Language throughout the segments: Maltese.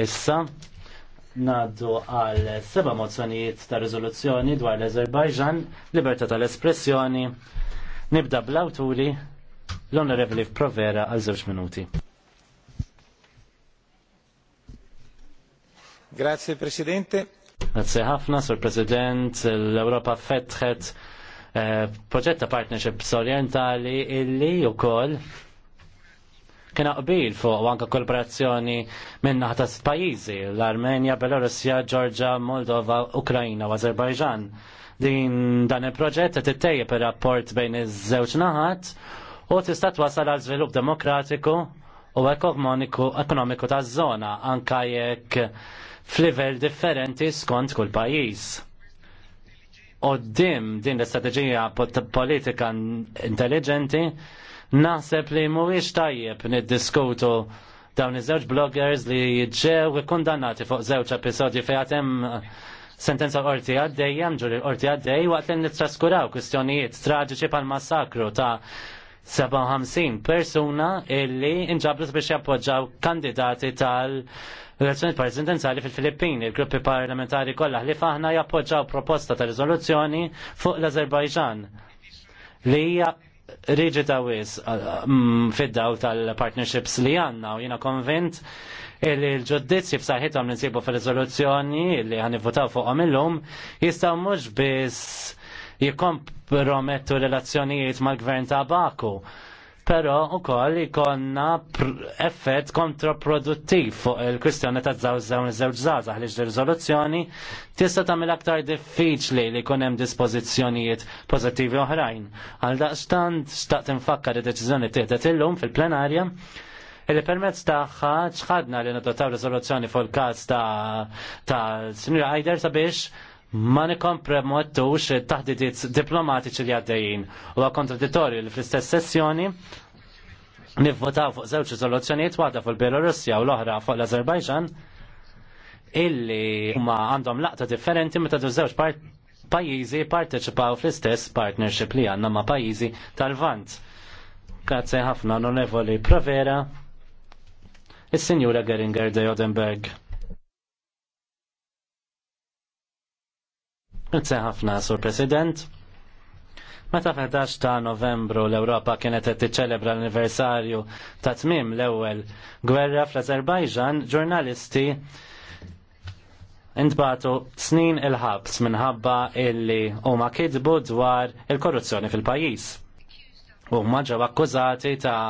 Issa, naddu għal seba mozzjonijiet ta' riżoluzzjoni dwar l-Azerbajġan, libertà tal-espressjoni. Nibda bl-awturi l-Onorevoli Provera għal żewġ minuti. Grazie Presidente. Grazie ħafna, Sur President. L-Europa fetħet eh, proġetta partnership orientali illi u koll kena qbil fuq anka korporazzjoni minn naħta pajjiżi l-Armenja, Belorussja, Ġorġa, Moldova, Ukrajina u Azerbajġan. Din dan il-proġett qed ittejjeb per rapport bejn iż-żewġ naħat u tista' twasal għal żvilupp demokratiku u ekonomiku taż-żona anka jekk f'livell differenti skont kull pajjiż qoddim din l-istrateġija politika intelligenti Naħseb li mhuwiex tajjeb niddiskutu dawn iż-żewġ bloggers li ġew kundannati fuq żewġ episodji fejn għatem sentenza qorti għaddej, jamġu li qorti għaddej, waqt li nittraskuraw kwistjonijiet traġiċi pal massakru ta' 57 persuna illi inġabru biex jappoġġaw kandidati tal- Relazzjoni Presidenzjali fil-Filippini, il-gruppi parlamentari kollha li faħna jappoġġaw proposta ta' rizoluzzjoni fuq l-Azerbajġan li hija rigid wis mm, fid-daw tal-partnerships li għanna u jina konvint li l-ġuddizzi f'saħħithom li nsibu f rizoluzzjoni li għan votaw fuqhom illum jistgħu mhux biss jikompromettu relazzjonijiet mal-gvern ta' Baku pero u koll ikonna effett kontraproduttiv fuq il-kwistjoni ta' żewġ żewġ zawż żgħażagħ li riżoluzzjoni tista' tagħmel aktar diffiċli li jkun hemm dispożizzjonijiet pożittivi oħrajn. Għal daqstant xtaqt infakkar id-deċiżjoni tieħdet illum fil-plenarja Illi permezz taħħa ċħadna li nadotaw rezoluzzjoni fuq il-kas ta' ta' Sinjura Ajder sabiex ma nikompromettux taħdidiet diplomatiċi li għaddejjin. U kontradittorju li fl-istess sessjoni nivvotaw fuq żewġ riżoluzzjonijiet waħda fuq il-Belorussja u l-oħra fuq l-Azerbajġan illi huma għandhom laqta differenti meta żewġ pajjiżi parteċipaw fl-istess partnership li għandna ma' pajjiżi tal-Vant. Grazzi ħafna onorevoli Provera, is-Sinjura Geringer de Odenberg. Grazie ħafna, Sur President. Meta 11 ta' novembru l-Ewropa kienet qed tiċċelebra l-anniversarju ta' tmiem l-ewwel gwerra fl-Azerbajġan, ġurnalisti intbatu snin il-ħabs minħabba illi huma kidbu dwar il-korruzzjoni fil-pajjiż. Huma ġew akkużati ta'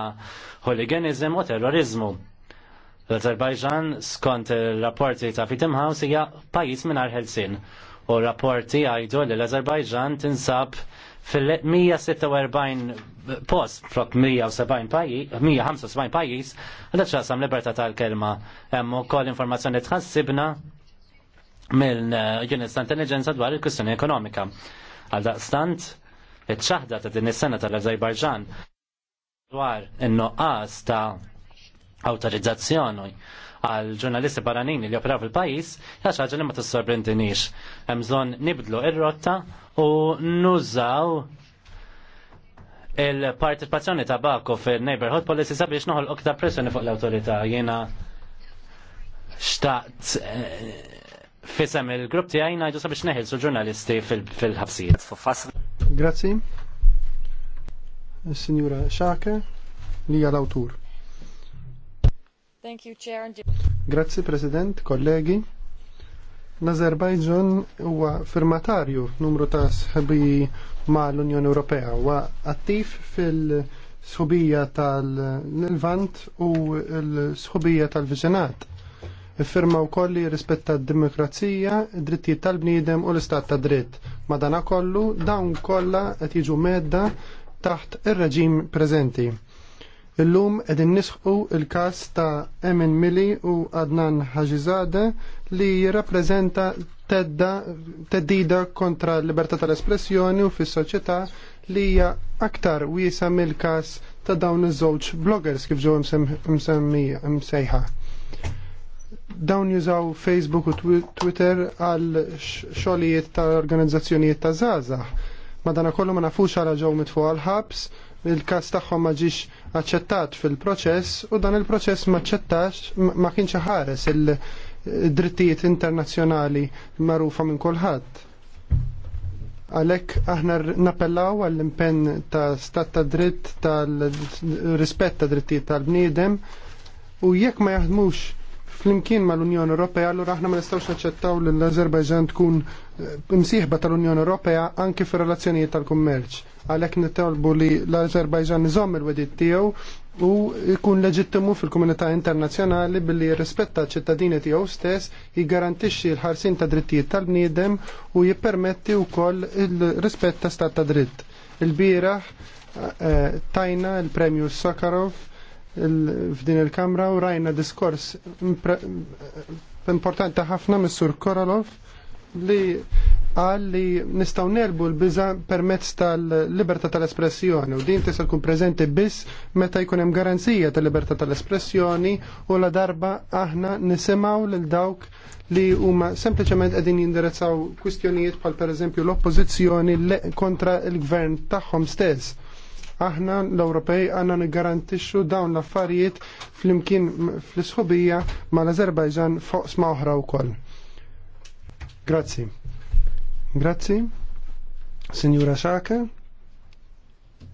hooliganizm u terrorizmu. L-Azerbajġan skont ir rapporti ta' Fitim House hija pajjiż mingħajr ħelsin u rapporti għajdu li l-Azerbajġan tinsab fil-146 post frok 175 pajis, għadda ċasam libertà tal-kelma. Hemm ukoll informazzjoni tħassibna mill uh, units ta' intelligenza dwar il-kwistjoni ekonomika. Għal daqstant, iċ-ċaħda ta' din is-sena tal-Azerbajġan dwar in-noqqas ta' awtorizzazzjoni għal ġurnalisti barranin li operaw fil-pajis, għax ħaġa li ma t-sorbrendinix. Mżon nibdlu ir-rotta u nużaw il-partizipazzjoni ta' Baku fil-neighborhood policy sabiex noħol oktar pressjoni fuq l-autorita. Jena xtaqt eh, fisem il-grupp ti għajna għajdu sabiex neħilsu ġurnalisti fil-ħabsijiet. Grazzi. Signora Xake, li għal-autur. Thank you, Chair. Grazzi, President, kollegi. l huwa firmatarju numru ta' sħabi ma' l-Unjoni Ewropea huwa attiv fil-sħubija tal-Levant u l-sħubija tal-Viġenat. Iffirma wkoll li rispetta d-demokrazija, drittijiet tal-bniedem u l-istat ta' dritt. Madanakollu dawn kollha qed jiġu medda taħt ir-reġim preżenti Illum edin nisħu il-kas ta' Emin Mili u Adnan Ħaġizade li rappresenta teddida kontra l-libertà tal-espressjoni u fis soċjetà li hija aktar wiesa mill-kas ta' dawn iż-żewġ bloggers kif ġew msejħa. Dawn jużaw Facebook u Twitter għal xogħlijiet tal organizzazzjonijiet ta' żgħażagħ. Madana kollu ma nafux għal ġew mitfu għal ħabs il-kas tagħhom ma ġiex aċċettat fil-proċess u dan il-proċess ma ċettax ma kienx ħares il-drittijiet internazzjonali magħrufa minn kulħadd. Għalek aħna napellaw għall-impenn ta' stat ta' dritt tal-rispett ta' drittijiet tal-bniedem u jekk ma jaħdmux flimkien mal-Unjoni Ewropea, allura aħna ma nistgħux naċċettaw l-Azerbajġan tkun msieħba tal-Unjoni Ewropea anki fir relazzjonijiet tal-kummerċ. Għalhekk nitolbu li l-Azerbajġan iżomm il wedit tiegħu u jkun leġittimu fil-komunità internazzjonali billi jirrispetta ċittadini tiegħu stess, jiggarantixxi l-ħarsin ta' drittijiet tal-bniedem u jippermetti wkoll il-rispett ta' stat ta' dritt. Il-bieraħ eh, tajna il-premju Sakharov f'din il-kamra u rajna diskors eh, importanti ħafna mis-sur Korolov li qal li nistgħu nerbu l-biża permezz tal-libertà tal-espressjoni u din tista' tkun preżenti biss meta jkun hemm garanzija tal-libertà tal-espressjoni u la darba aħna nisimgħu lil dawk li huma sempliċement qegħdin jindirizzaw kwistjonijiet bħal pereżempju l-oppożizzjoni kontra l-gvern tagħhom stess aħna l-Ewropej għanna nigarantixxu dawn l-affarijiet fl-imkien fl-isħubija mal-Azerbajġan fuq sma oħra wkoll. Grazzi. Grazzi, Signora Xaka.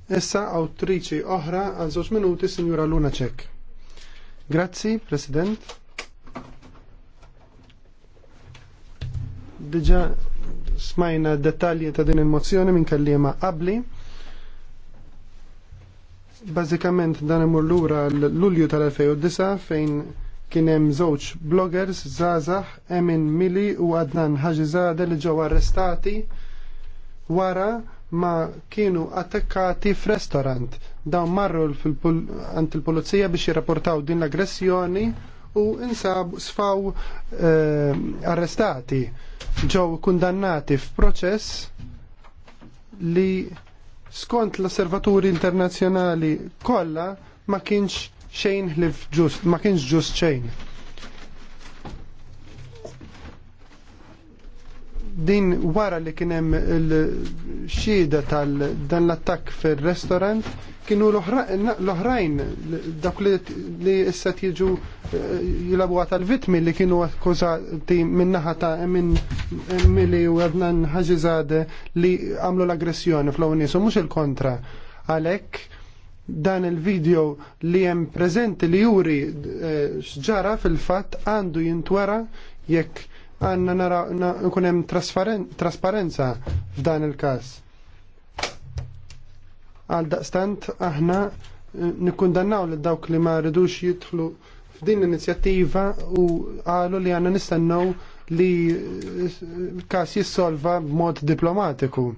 Essa autrice ohra għal żewġ minuti Signora Luna Ċek. Grazzi, President. Diġa smajna dettalji ta' din il-mozzjoni minn kallima qabli. Bażikament dan imur l-ura l ulju tal-2009 fejn kien hemm żewġ bloggers żgħażagħ Emin Mili u Adnan Ħaġizade li ġew arrestati wara ma kienu attakkati f'restorant. Dawn marru għand il-pulizija biex jirrapportaw din l-aggressjoni u insab sfaw eh, arrestati ġew kundannati f'proċess li skont l-osservaturi internazzjonali kollha ma kienx xejn li ġust, ma kienx ġust xejn. Din wara li kienem il-xida tal-dan l-attak fil-restorant, kienu l-oħrajn, dak li issa tiġu eh, jilabu tal-vitmi li kienu akkużati minnaħa ta' minn mili u Adnan Ħaġizade li għamlu l-aggressjoni fl-għonis, u mux il-kontra. Għalek, dan il-video li jem prezenti li juri eh, xġara fil-fat għandu jintwera jekk għanna nara nkunem trasparenza f'dan il-kas. Għal daqstant aħna eh, nikkundannaw li dawk li ma rridux jidħlu f'din l-inizjattiva u għalu li għanna nistannaw li eh, kas jissolva b'mod diplomatiku.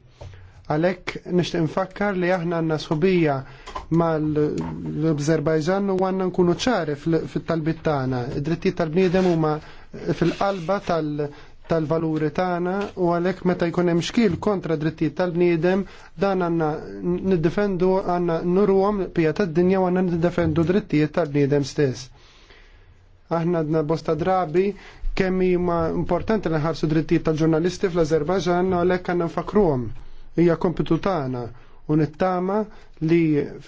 Għalhekk nixtieq nfakkar li aħna għandna sħubija mal-Azerbajġan u għandna nkunu ċari fit-talbit tagħna. Id-drittijiet tal-bniedem huma fil-qalba tal- bniedem huma fil qalba tal valuri tagħna u għalhekk meta jkun hemm xkil kontra drittijiet tal-bniedem dan għanna niddefendu għandna nurhom pija tad-dinja u għandna niddefendu drittijiet tal-bniedem stess. Aħna għadna bosta drabi kemm huma importanti li ħarsu drittijiet tal-ġurnalisti fl-Azerbajġan u għalhekk għandna nfakruhom hija kompitu tagħna u nittama li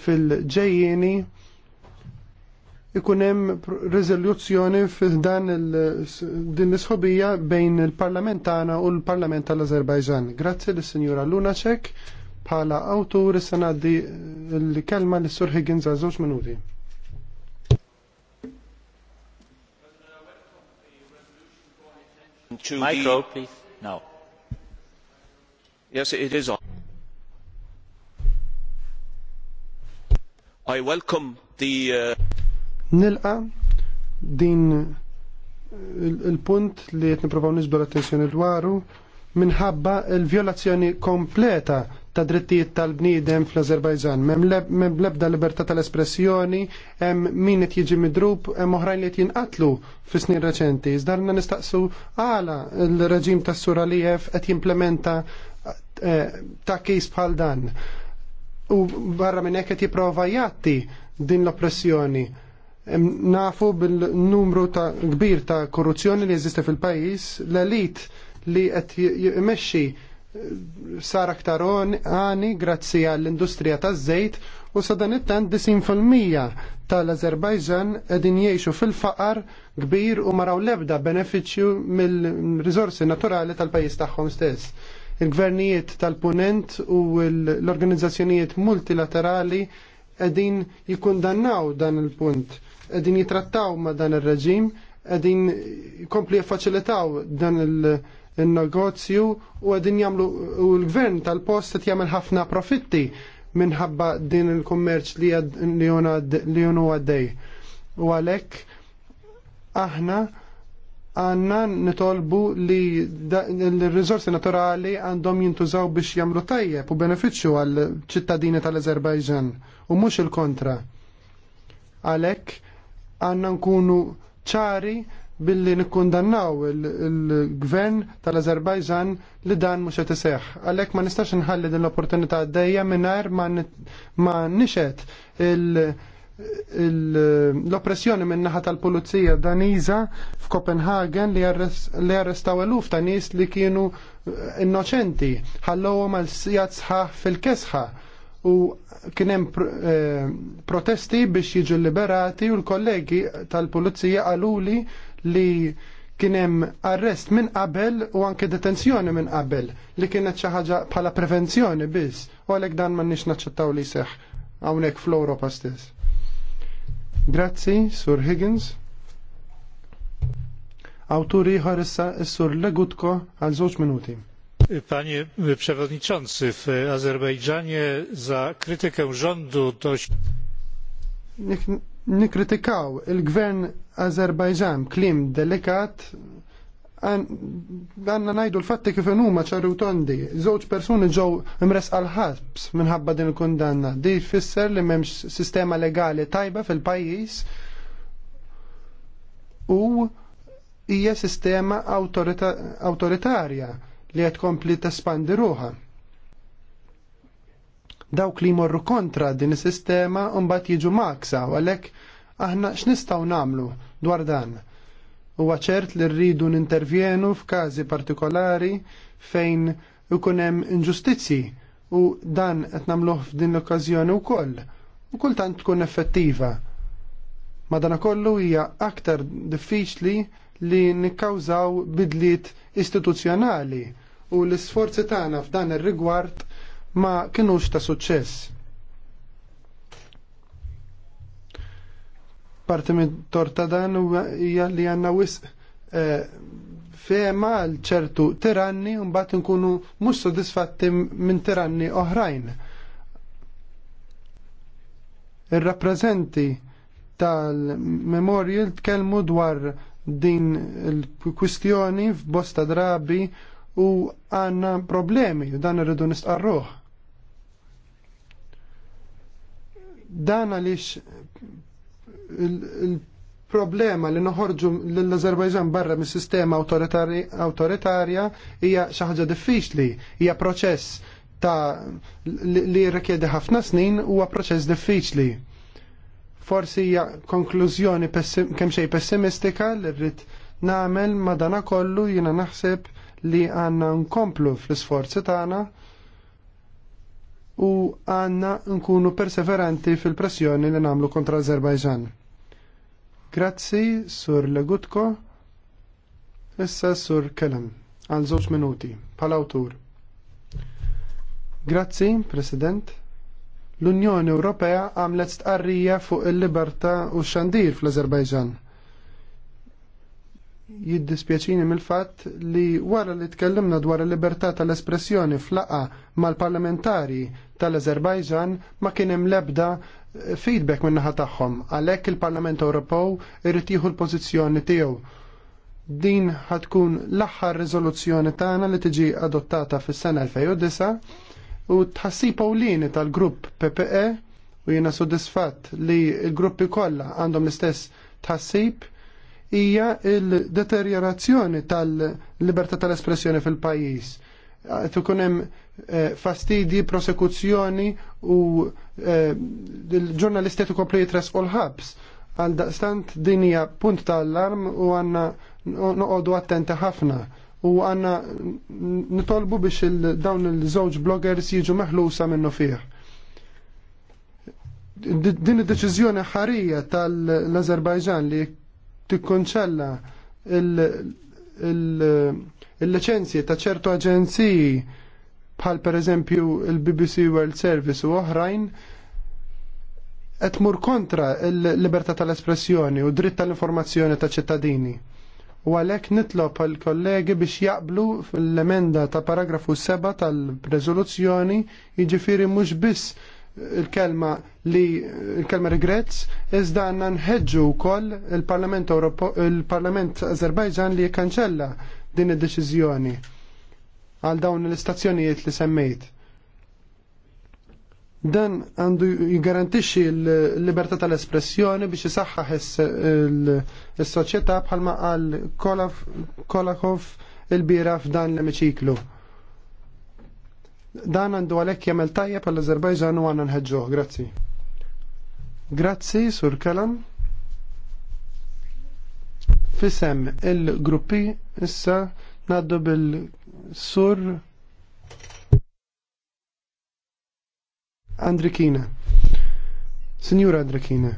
fil-ġejjieni ikun hemm riżoluzzjoni f'dan din is isħobija bejn il-Parlament tagħna u l-Parlament tal-Azerbajġan. Grazzi lis-Sinjura Lunacek bħala awtur se ngħaddi l-kelma lis-Sur Higgins għal żewġ minuti. Micro, please. No. Yes, it is on. welcome the uh, Nilqa din il-punt li qed nippruvaw nisbu l-attenzjoni dwaru minħabba l-vjolazzjoni kompleta ta' drittijiet tal-bniedem fl-Azerbajġan. Mem lebda libertà tal-espressjoni, hemm min qed jiġi midrub, hemm oħrajn li qed jinqatlu fis-snin reċenti. Iżdarna nistaqsu għala l-reġim tas-Suralijev qed jimplementa eh, ta' kejs bħal dan u barra minn hekk qed jipprova jatti din l-oppressjoni. Nafu bil-numru ta' kbir ta' korruzzjoni li jeżiste fil-pajjiż, l-elit li qed jmexxi eh, sar aktar għani grazzi għall-industrija taż-żejt u sadan dan it-tant tal-Azerbajġan qegħdin jgħixu fil-faqar kbir u maraw lebda benefiċċju mill rizorsi naturali tal-pajjiż tagħhom stess. Il-gvernijiet tal-punent u l-organizzazzjonijiet multilaterali edin jikundannaw dan il-punt, edin jitrattaw ma dan il-reġim, edin jkompli jaffaċilitaw dan il-negozju u edin jamlu u l-gvern tal-post qed jagħmel ħafna profitti minħabba din il-kummerċ li jonu għaddej. U għalek aħna għanna nitolbu li l-rizorsi naturali għandhom jintużaw biex jamlu tajjeb u beneficju għal ċittadini tal-Azerbajġan u mux il-kontra. Għalek għanna nkunu ċari billi nikkundannaw il-gvern tal-Azerbajġan li dan mux jtiseħ. Għalek ma nistax nħalli din l-opportunità għaddeja minnar ma nixet il- l-oppressjoni minn naħa tal-pulizija daniża f'Kopenhagen li arrestaw eluf ta' nies li kienu eh, innoċenti, ħallowhom għal sijat sħaħ fil-kesħa u kien hemm eh, protesti biex jiġu liberati u l-kollegi tal-pulizija għaluli li kien hemm arrest minn qabel u anke detenzjoni minn qabel li kienet xi ħaġa bħala prevenzjoni biss u għalhekk dan m'għandniex naċċettaw li seħ hawnhekk fl-Ewropa stess. Grazzi, Sur Higgins. Autori ieħor issa sur Legutko għal żewġ minuti. Panie Przewodniczący, w Azerbejdżanie za krytykę rządu dość... krytykał. il gwen Azerbejdżan, klim delikat għanna najdu l-fatti kif huma ċarru tondi. Żewġ persuni ġew imres għal-ħabs minħabba din il-kundanna. Di jfisser li m'hemmx sistema legali tajba fil-pajjiż u hija sistema awtoritarja li qed tkompli tespandi ruha. Dawk li jmorru kontra din is-sistema mbagħad jiġu maksa u għalhekk aħna x'nistgħu nagħmlu dwar dan Huwa ċert li rridu nintervjenu f'każi partikolari fejn ikun hemm inġustizzji u dan qed nagħmluh f'din l-okkażjoni wkoll u kultant tkun effettiva. kollu hija aktar diffiċli li nikkawżaw bidliet istituzzjonali u l-isforzi tagħna f'dan ir-rigward ma kinux ta' suċċess. Parti minn torta dan u li għanna wis eh, fema għal ċertu tiranni un bat nkunu mhux sodisfatti minn tiranni oħrajn. Ir-rappreżenti tal-memorial tkellmu dwar din il-kwistjoni f'bosta drabi u għanna problemi u dan irridu nistqarruħ. Dan għaliex il-problema li noħorġu l-Azerbajġan barra mis sistema autoritarja hija xi ħaġa diffiċli, hija proċess ta' li jirrikjedi ħafna snin huwa proċess diffiċli. Forsi hija konklużjoni kemm xejn pessimistika li rrid nagħmel madana kollu jiena naħseb li għandna nkomplu fl-isforzi tagħna u għanna nkunu perseveranti fil-pressjoni li namlu kontra Azerbajġan. Grazzi, Sur Legutko. Issa Sur Kelem, għal żewġ minuti, pal awtur. Grazzi, President. L-Unjoni Ewropea għamlet stqarrija fuq il-libertà u xandir fl-Azerbajġan jiddispjaċini mill-fatt li wara li tkellimna dwar il-libertà tal-espressjoni flaqa mal-parlamentari tal-Azerbajġan ma kien hemm lebda eh, feedback minn naħa tagħhom għalhekk il-Parlament Ewropew irid jieħu l-pożizzjoni tiegħu. Din ħatkun l-aħħar riżoluzzjoni tagħna li tiġi adottata fis-sena 2009 u tħassib Pawlini tal-grupp PPE u jiena sodisfatt li l-gruppi kollha għandhom l-istess tħassib hija il-deteriorazzjoni tal-libertà tal-espressjoni fil-pajjiż. Tukun hemm eh, fastidi, prosekuzzjoni u eh, l-ġurnalisti tukompli jitresqu l-ħabs. Għal stant din hija punt tal-alarm u għandna noqogħdu attenti ħafna u għanna nitolbu biex il dawn il-żewġ bloggers jiġu meħlusa minnu fih. Din id-deċiżjoni ħarija tal-Azerbajġan li tikkonċella il-licenzji ta' ċertu aġenziji bħal per eżempju il-BBC World Service u oħrajn qed mur kontra il-libertà tal-espressjoni u dritt tal-informazzjoni ta' ċittadini. U għalhekk nitlob għal kollegi biex jaqblu l emenda ta' paragrafu 7 tal reżoluzzjoni jiġifieri mhux biss il-kelma li il-kelma regrets iżda għanna nħedġu wkoll il-Parlament il-Parlament Azerbajġan li jikkanċella din id-deċiżjoni għal dawn l-istazzjonijiet li semmejt. Dan għandu jgarantixi l-libertà tal-espressjoni biex isaħħaħ is-soċjetà bħalma qal Kolakov il biraf f'dan l-emiċiklu. Dan għandu għalhekk jagħmel tajjeb għall azerbajġan u għanna nħedġuħ. Grazzi. Grazzi, Sur Kalam. Fisem il-gruppi issa ngħaddu bil-Sur Andrikina. Signora Andrikina,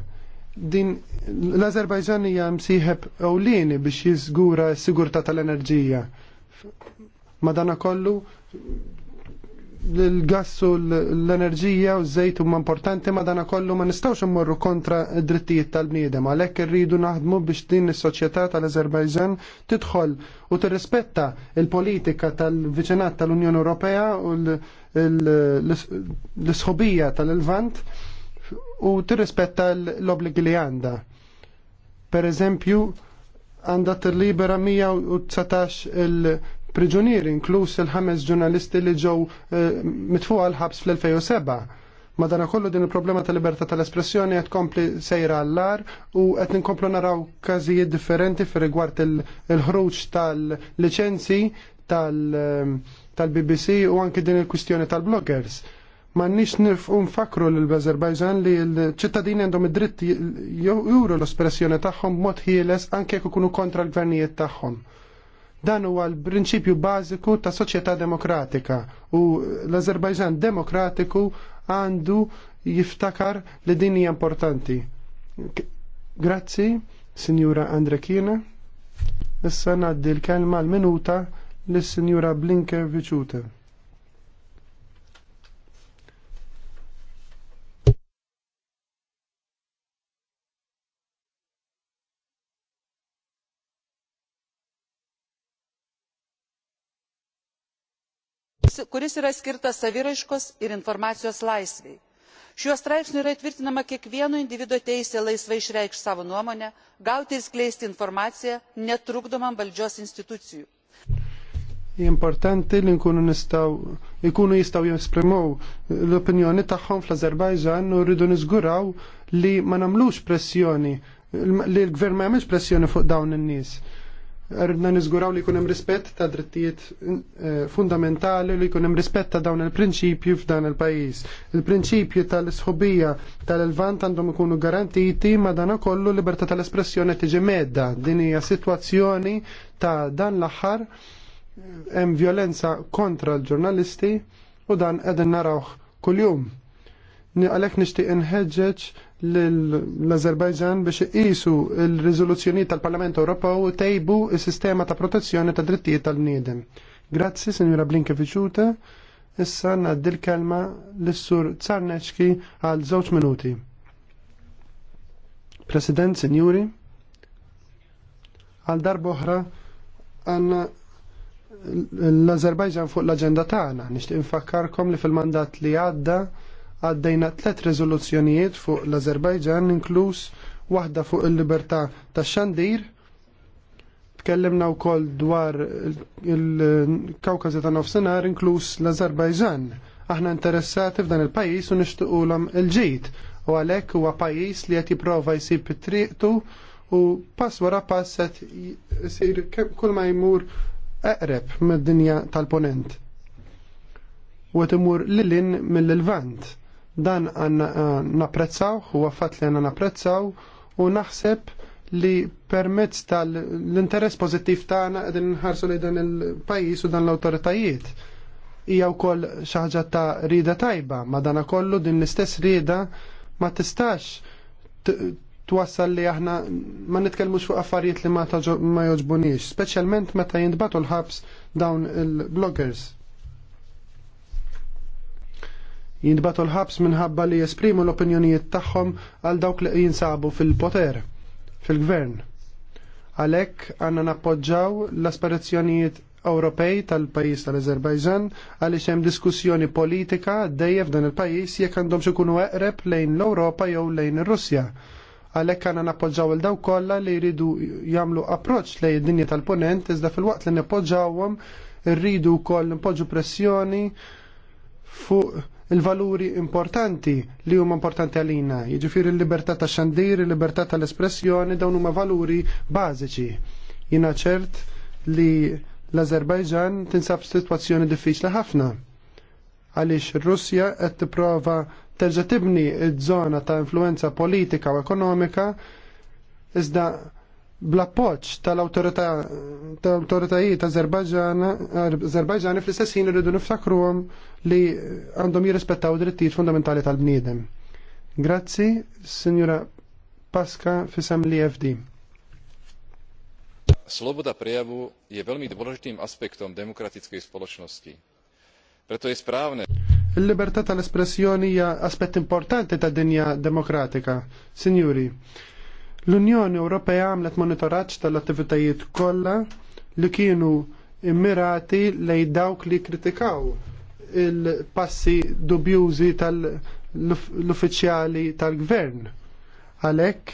din l-Azerbajġan hija msieħeb ewlieni biex jiżgura s sigurta tal-enerġija. Madana kollu l-gass u l-enerġija u z-żejt huma importanti ma dana kollu ma nistawx immorru kontra d-drittijiet tal-bniedem għalhekk irridu naħdmu biex din is-soċjetà tal-Azerbajġan tidħol u tirrispetta il-politika tal-viċinat tal-Unjoni Ewropea u l-sħobija tal-Lvant u tirrispetta l-obbligi li għandha. Per eżempju, għandha tirlibera 119 il- priġunieri inkluż il-ħames ġurnalisti li ġew eh, mitfuqa l-ħabs fl-2007. Madana kollu din il-problema tal-libertà tal-espressjoni qed kompli sejra għall-ar u qed ninkomplu naraw każijiet differenti fir rigward il-ħruġ tal-liċenzi tal-BBC eh, u anke din il-kwistjoni tal-bloggers. Ma nix nifqu nfakru l-Azerbajġan li l-ċittadini għandhom id-dritt juru l-espressjoni tagħhom mod ħieles anke jekk ikunu kontra l-gvernijiet tagħhom. Dan huwa l-prinċipju bażiku ta' soċjetà demokratika u l-Azerbajġan demokratiku għandu jiftakar li din hija importanti. Grazzi, Sinjura Andrekina. Issa ngħaddi l-kelma l-minuta lis-Sinjura Blinke Viċute. kuris yra skirtas saviraiškos ir informacijos laisvei. šiuo straipsniu yra įtvirtinama kiekvieno individo teisė laisvai išreikšti savo nuomonę gauti ir skleisti informaciją netrukdomam valdžios institucijų. Importanti jistaw l-opinjoni fl-Azerbajġan u rridu li ma pressjoni li l-gvern ma pressjoni fuq dawn Ridna niżguraw li jkun hemm rispett ta' drittijiet eh, fundamentali li jkun hemm rispett ta' dawn il-prinċipju f'dan il-pajjiż. Il-prinċipju tal-isħubija tal-Levant għandhom ikunu garantiti ma dan kollu libertà tal-espressjoni tiġi medda. Din hija sitwazzjoni ta' dan l-aħħar hemm violenza kontra l-ġurnalisti u dan qegħdin narawh kuljum. Għalhekk nixtieq inħeġġeġ l-Azerbajġan biex iqisu l-riżoluzzjoni tal-Parlament Ewropew tejbu s-sistema ta' protezzjoni ta' drittijiet tal-niedem. Grazzi, Blinke Blinkeviċuta. Issa ngħaddi l-kelma lis-sur Tsarneċki għal żewġ minuti. President, Sinjuri, għal darba oħra għanna l-Azerbajġan fuq l-agenda tagħna. Nixtieq infakkarkom li fil-mandat li għadda għaddejna tlet rezoluzzjonijiet fuq l-Azerbajġan, inkluż waħda fuq il-libertà tax xandir. Tkellimna wkoll dwar il kawkażi ta' nofsinhar inkluż l-Azerbajġan. Aħna interessati f'dan il-pajjiż u nixtiequlhom il-ġid u għalhekk huwa pajjiż li qed jipprova jsib triqtu u pass wara pass qed isir kull ma jmur eqreb mid-dinja tal-ponent u qed imur lilin mill-Levant. Dan naprezzaw, eh, napprezzaw, u għaffat li għanna napprezzaw, u naħseb li permezz tal-interess pozittiv tagħna qegħdin nħarsu li dan il-pajjiż u dan l-awtoritajiet. Hija wkoll xi ħaġa ta' rieda tajba, ma dana kollu din l-istess rieda ma tistax twassal li aħna ma nitkellmux fuq affarijiet li ma joġbunix, speċjalment meta jintbatu l-ħabs dawn il-bloggers jintbatu l-ħabs minħabba li jesprimu l-opinjonijiet tagħhom għal dawk li jinsabu fil-poter, fil-gvern. Għalhekk għandna nappoġġaw l-aspirazzjonijiet Ewropej tal-pajis tal-Azerbajġan għaliex hemm diskussjoni politika dejjem f'dan il-pajis jekk għandhom ikunu eqreb lejn l-Ewropa jew lejn ir-Russja. Għalhekk għandna nappoġġaw il daw kollha li jridu jagħmlu approċċ lejn id-dinja tal-ponent iżda fil-waqt li nappoġġawhom irridu wkoll nipoġġu pressjoni fuq il-valuri importanti li huma importanti għalina, jiġifieri l-libertà ta' xandir, il-libertà tal-espressjoni, dawn huma valuri bażiċi. Jina ċert li l-Azerbajġan tinsab situazzjoni diffiċli ħafna għaliex Russja qed tipprova terġa' tibni ż-żona ta' influenza politika u ekonomika iżda bl-appoċ tal-autoritajiet Azerbajġani fl istessin rridu irridu niftakruhom li għandhom jirrispettaw drittijiet fundamentali tal-bniedem. Grazzi, Signora Paska fisem li FD. Sloboda prejavu je veľmi dôležitým aspektom demokratickej spoločnosti. Preto je správne... Il-libertà tal-espressjoni hija aspett importanti tad-dinja demokratika. Signori, L-Unjoni Ewropea għamlet monitoraġġ tal-attivitajiet kollha li kienu immirati lejn dawk li kritikaw il-passi dubjużi tal-uffiċjali tal-gvern. Għalhekk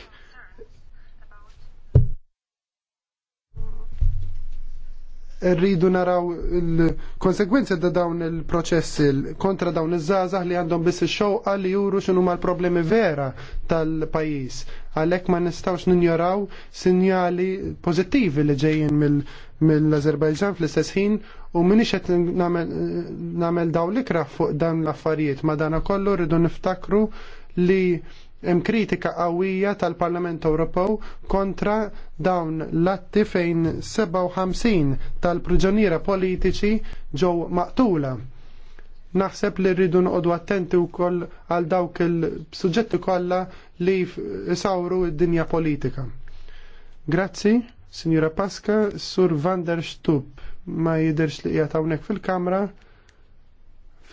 rridu naraw il-konsekwenzi da dawn il-proċessi kontra dawn iż-żazah li għandhom biss ix-xewqa li juru x'inhu l problemi vera tal-pajjiż. Għalhekk ma nistgħux ninjoraw sinjali pożittivi li ġejjin mill-Azerbajġan fl-istess ħin u minix qed nagħmel dawn l-ikra fuq dan l-affarijiet ma dan kollu rridu niftakru li hemm kritika qawwija tal-Parlament Ewropew kontra dawn l-atti fejn 57 tal-priġuniera politiċi ġew maqtula. Naħseb li rridu noqogħdu attenti wkoll għal dawk il-suġġetti kollha li isawru d-dinja politika. Grazzi, Sinjura Pasca, Sur Van der Stub ma jidirx li qiegħed hawnhekk fil-kamra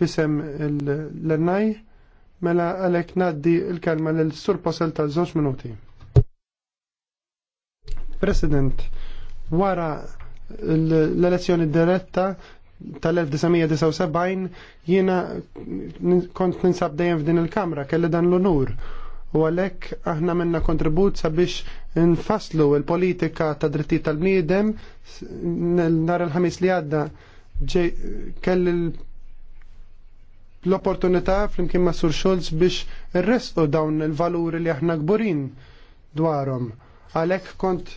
fisem l-lernaj. Mela għalek naddi il-kelma l-sur posel tal żewġ minuti. President, wara l-elezzjoni diretta tal-1979 jiena kont ninsab dejjem f'din il-kamra, kelli dan l-onur u għalek aħna minna kontribut sabiex nfaslu il-politika ta' drittijiet tal-bniedem nar il-ħamis li għadda kelli l-opportunità flimkien ma' Sur Schulz biex irresqu dawn il-valuri li aħna gburin dwarhom. Għalhekk kont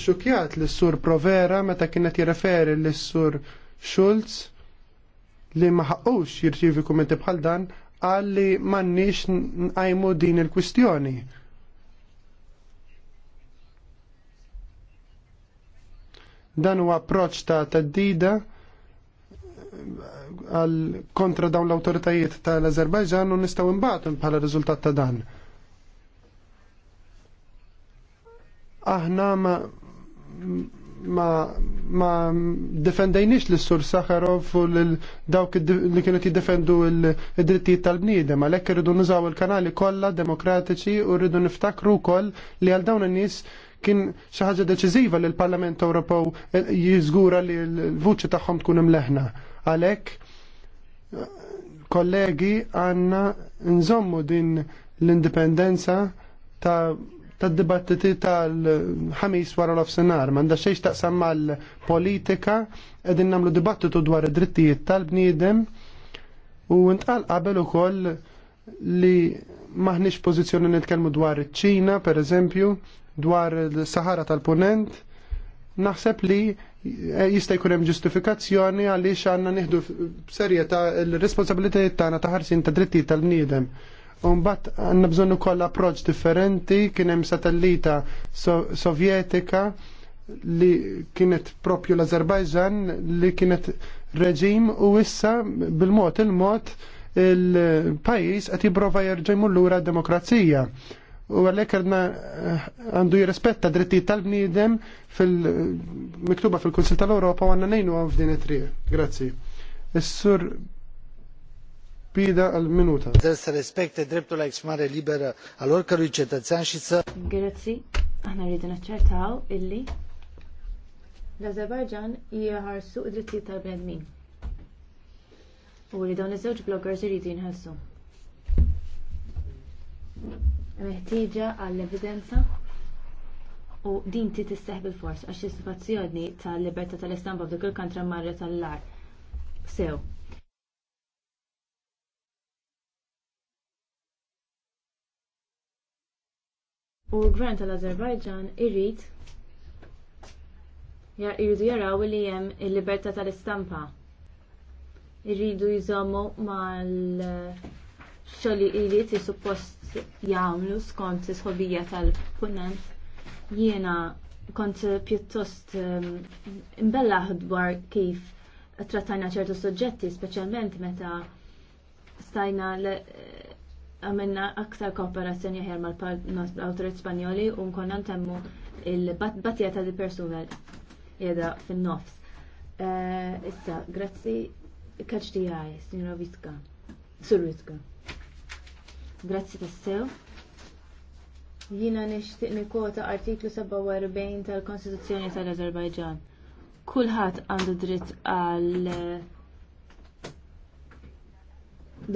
xukjat li sur Provera meta kienet jirreferi li sur Schulz li ma ħaqqux jirċivi kummenti bħal dan għalli li m'għandniex nqajmu din il-kwistjoni. Dan huwa approċċ ta' teddida għal kontra dawn l-autoritajiet tal-Azerbajġan u nistaw imbagħtu bħala riżultat ta' dan. Aħna ma ma ma defendejniex l sur Sakharov u l dawk li kienu jiddefendu l-drittijiet tal-bniedem għalhekk irridu nużaw il-kanali kollha demokratiċi u rridu niftakru wkoll li għal dawn in-nies kien xi ħaġa deċiżiva li l-Parlament Ewropew jiżgura li l-vuċi tagħhom tkun imleħna. Għalek, kollegi, għanna nżommu din l-indipendenza ta' tad dibattiti tal-ħamis wara l-ofsenar, manda ta' taqsam mal-politika, edin namlu dibattitu dwar id-drittijiet tal-bniedem u ntqal qabel ukoll li maħniex pożizzjoni nitkellmu dwar iċ-Ċina, per eżempju, dwar il-Sahara tal-Punent, naħseb li Eh, jista' jkun hemm ġustifikazzjoni għaliex għandna nieħdu serjetà l-responsabilitajiet tagħna ta' ħarsin ta' drittijiet tal-bniedem. U mbagħad għandna bżonn ukoll approċċ differenti, kien hemm satellita sovjetika li kienet propju l-Azerbajġan li kienet reġim u issa bil-mod il-mod il-pajis qed jipprova jerġa' lura d-demokrazija u għalek għadna eh, għandu jirrespetta dritti tal bnidem fil-miktuba fil konsil tal europa u għandna ngħinu għan f'din it-triq. Grazzi. Is-sur Pida għal-minuta. Dessa rispetta drittu la eksmare libera għal-orkaru orka ċetazzan xizza. Grazzi, għanna rridu naċċertaw illi l azerbaġan jħarsu id-drittijiet tal-bnedmin. U li dawn iż-żewġ bloggers jridu jinħelsu meħtieġa għall-evidenza u din ti tisteħ bil-fors għax is-situazzjoni tal-libertà tal-istampa f'dik il-kantra marra tal-lar. Sew. U l-gvern tal-Azerbajġan irrid irridu jaraw li hemm il-libertà tal-istampa. Irridu jżommu mal- xogħol iliet li suppost jagħmlu skont is-ħobija tal-punent jiena kont pjuttost ehm, imbella dwar kif trattajna ċertu suġġetti, speċjalment meta stajna eh, għamilna aktar kooperazzjoni ħjar mal-autorit spanjoli u nkonna ntemmu il-batja ta' di persuna jeda fin-nofs. Eh, issa, grazzi, kaċ di għaj, signora sur Viska. Grazzi tassew. Jina nixtieq nikota artiklu 47 tal-Konstituzzjoni tal-Azerbajġan. Kulħadd għandu dritt għal eh,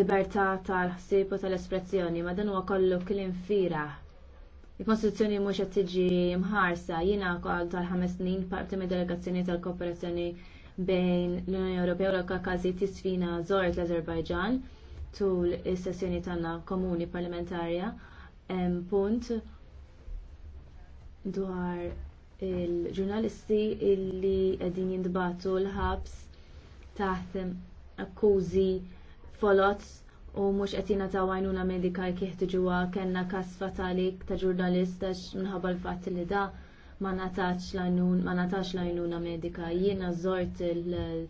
libertà tal-ħsieb u tal-espressjoni, ma dan huwa kollu kliem fira. Il-Konstituzzjoni mhux qed tiġi mħarsa, jiena wkoll tal-ħames snin parti mid-delegazzjoni tal-kooperazzjoni bejn l-Unjoni Ewropea u l-Kakazi tisfina żort l-Azerbajġan tul is-sessjoni tagħna komuni parlamentarja hemm punt dwar il-ġurnalisti illi qegħdin jindbatu l-ħabs taħt akkużi folot u mhux qed jingħataw għajnuna medika jekk jeħtiġuha kellna każ fatali ta' ġurnalist għax minħabba l-fatt li da ma natax l-għajnuna medika. Jiena żort il-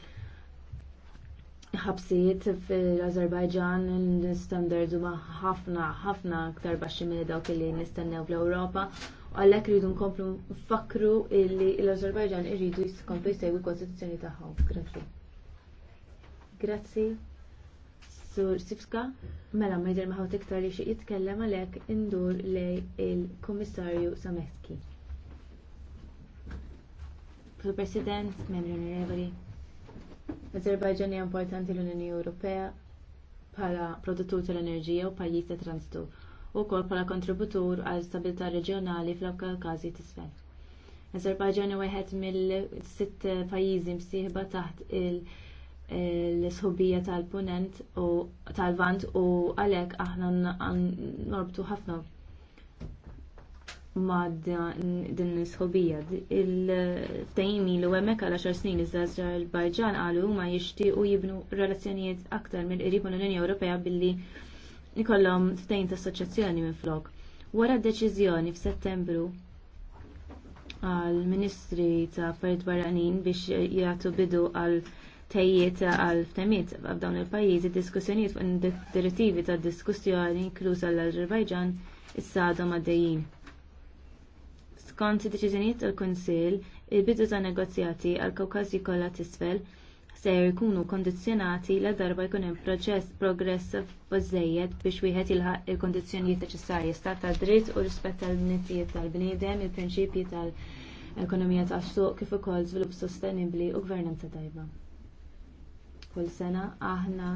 ħabsijiet fil-Azerbajġan l-standard huma ħafna ħafna aktar baxxi minn dawk li nistennew fl-Ewropa u għalhekk rridu nkomplu nfakru li l-Azerbajġan irridu jiskomplu jsegwi kostituzzjoni tagħhom. Grazzi. Grazzi. Sur Sifska, mela ma jidher maħawt iktar li xi jitkellem għalhekk indur lej il-Kummissarju Sameski. Sur President, membri onorevoli, L-Azerbajġan hija importanti l-Unjoni Ewropea bħala produttur tal-enerġija u pajjiż ta' transitu u wkoll bħala kontributur għal stabilità reġjonali fl każi t'isfel. Azerbajġan huwa wieħed mill-sitt pajjiżi msieħba taħt l-sħubija tal-punent u tal-vant u għalhekk aħna norbtu ħafna ma' din l-sħobija. Il-ftajim li għemmek għal xar snin iżda Azerbajġan għalu ma jishtiqu jibnu relazzjonijiet aktar mill-qrib mal-Unjoni Ewropea billi ikollhom ftajim ta' assoċjazzjoni minn flok. Wara deċiżjoni f'Settembru għall ministri ta' affarijiet barranin biex jagħtu bidu għal tejjiet għal ftemiet f'dawn il-pajjiżi diskussjonijiet fuq direttivi ta' diskussjoni inkluż għall-Azerbajġan issa għadhom għaddejjin skont id-deċiżjonijiet tal-Kunsill, il-bidu ta' negozjati għal kawkażi kollha t'isfel se jkunu kondizzjonati la darba jkun hemm proċess progress pożejjed biex wieħed jilħaq il-kondizzjonijiet neċessarji stat ta' dritt u rispett tal-nittijiet tal-bniedem, il-prinċipji tal-ekonomija tas-suq kif ukoll żvilupp sostenibbli u gvernanza tajba. Kull sena aħna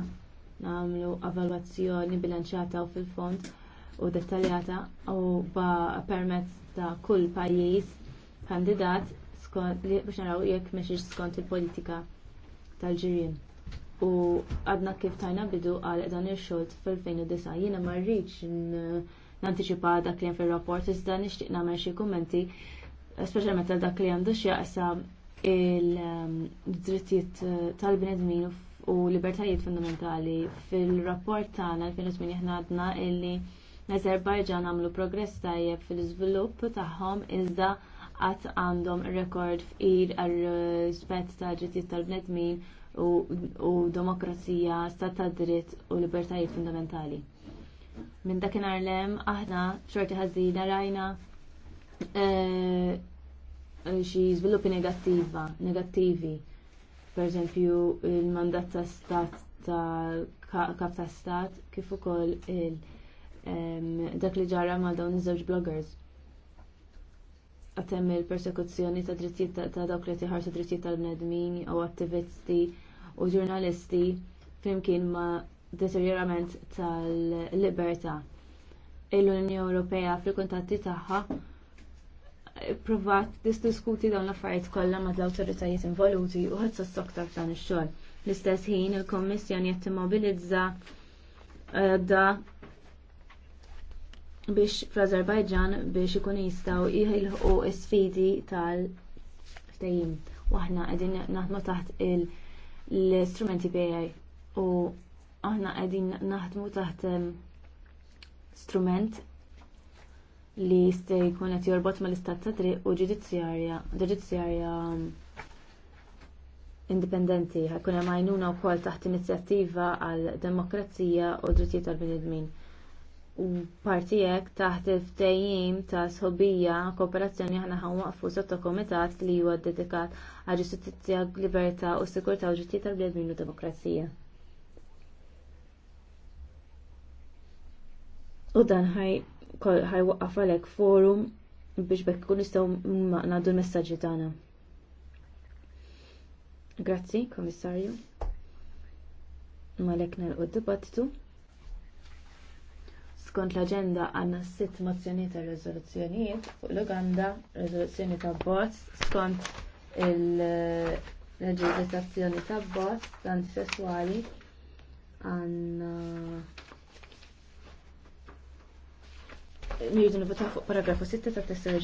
nagħmlu avalwazzjoni bilanċjata u fil-fond u dettaljata u ba permezz ta' kull pajjiż kandidat li biex naraw jekk mexiex skont il-politika tal-ġirien. U għadna kif tajna bidu għal dan il-xolt fil-2009 jiena ma rridx anticipa dak li fil-rapport iżda nixtieq nagħmel xi kummenti speċjalment għal dak li għandu x'jaqsa il-drittijiet ehm, eh, tal-bnedmin u libertajiet fundamentali fil-rapport tagħna 2008 ħna għadna illi L-Azerbajġan għamlu progress tajjeb fil-iżvilupp tagħhom iżda qatt għandhom rekord fqir għal rispett ta' ġittijiet tal-bnedmin u demokrazija, stat ta' dritt u libertajiet fundamentali. Minn dakinhar lem aħna xorti ħażina rajna e, xi żviluppi negattiva, negattivi. Pereżempju il-mandat ta' stat ta' kap ta' stat kif ukoll il- dak li ġara ma' dawn iż-żewġ bloggers. Għatem il-persekuzzjoni ta' drittijiet ta' dawk li tiħar drittijiet tal-bnedmin u attivisti u ġurnalisti flimkien ma' deterjorament tal-libertà. Il-Unjoni Ewropea fil-kontatti tagħha provat distiskuti dawn l-affarijiet kollha ma' l-awtoritajiet involuti u ħadd sostoktar dan ix-xogħol. L-istess ħin il-Kommissjoni qed timmobilizza eh, da biex fl-Azerbajġan biex ikun jistgħu jilħqu s-sfidi tal-ftajim. aħna qegħdin naħdmu taħt l-istrumenti BI u aħna qegħdin naħdmu taħt strument li jista' jkun qed jorbot mal-istat ta' triq u ġudizzjarja ġudizzjarja indipendenti ħajkun hemm għajnuna wkoll taħt inizjattiva għal demokrazija u drittijiet tal-bnedmin u partijek taħt il-ftejjim ta' sħobija kooperazzjoni aħna ħanwaqfu sotto komitat li huwa dedikat għal ġustizzja, libertà u sikurtà u ġittijiet tal-bnedmin u demokrazija. U dan ħaj waqqaf għalek forum biex bekk kun nistaw nagħdu l-messaġġi tagħna. Grazzi, Komissarju. Malek nagħlqu d-dibattitu. Skont l-agenda għanna sitt mozzjoni ta' rezoluzzjonijiet fuq l-Uganda, rezoluzzjoni ta' bots, skont il-reġistrazzjoni ta' bots, antisessuali, għanna Nirridu nivotaw fuq paragrafu 6 ta' testa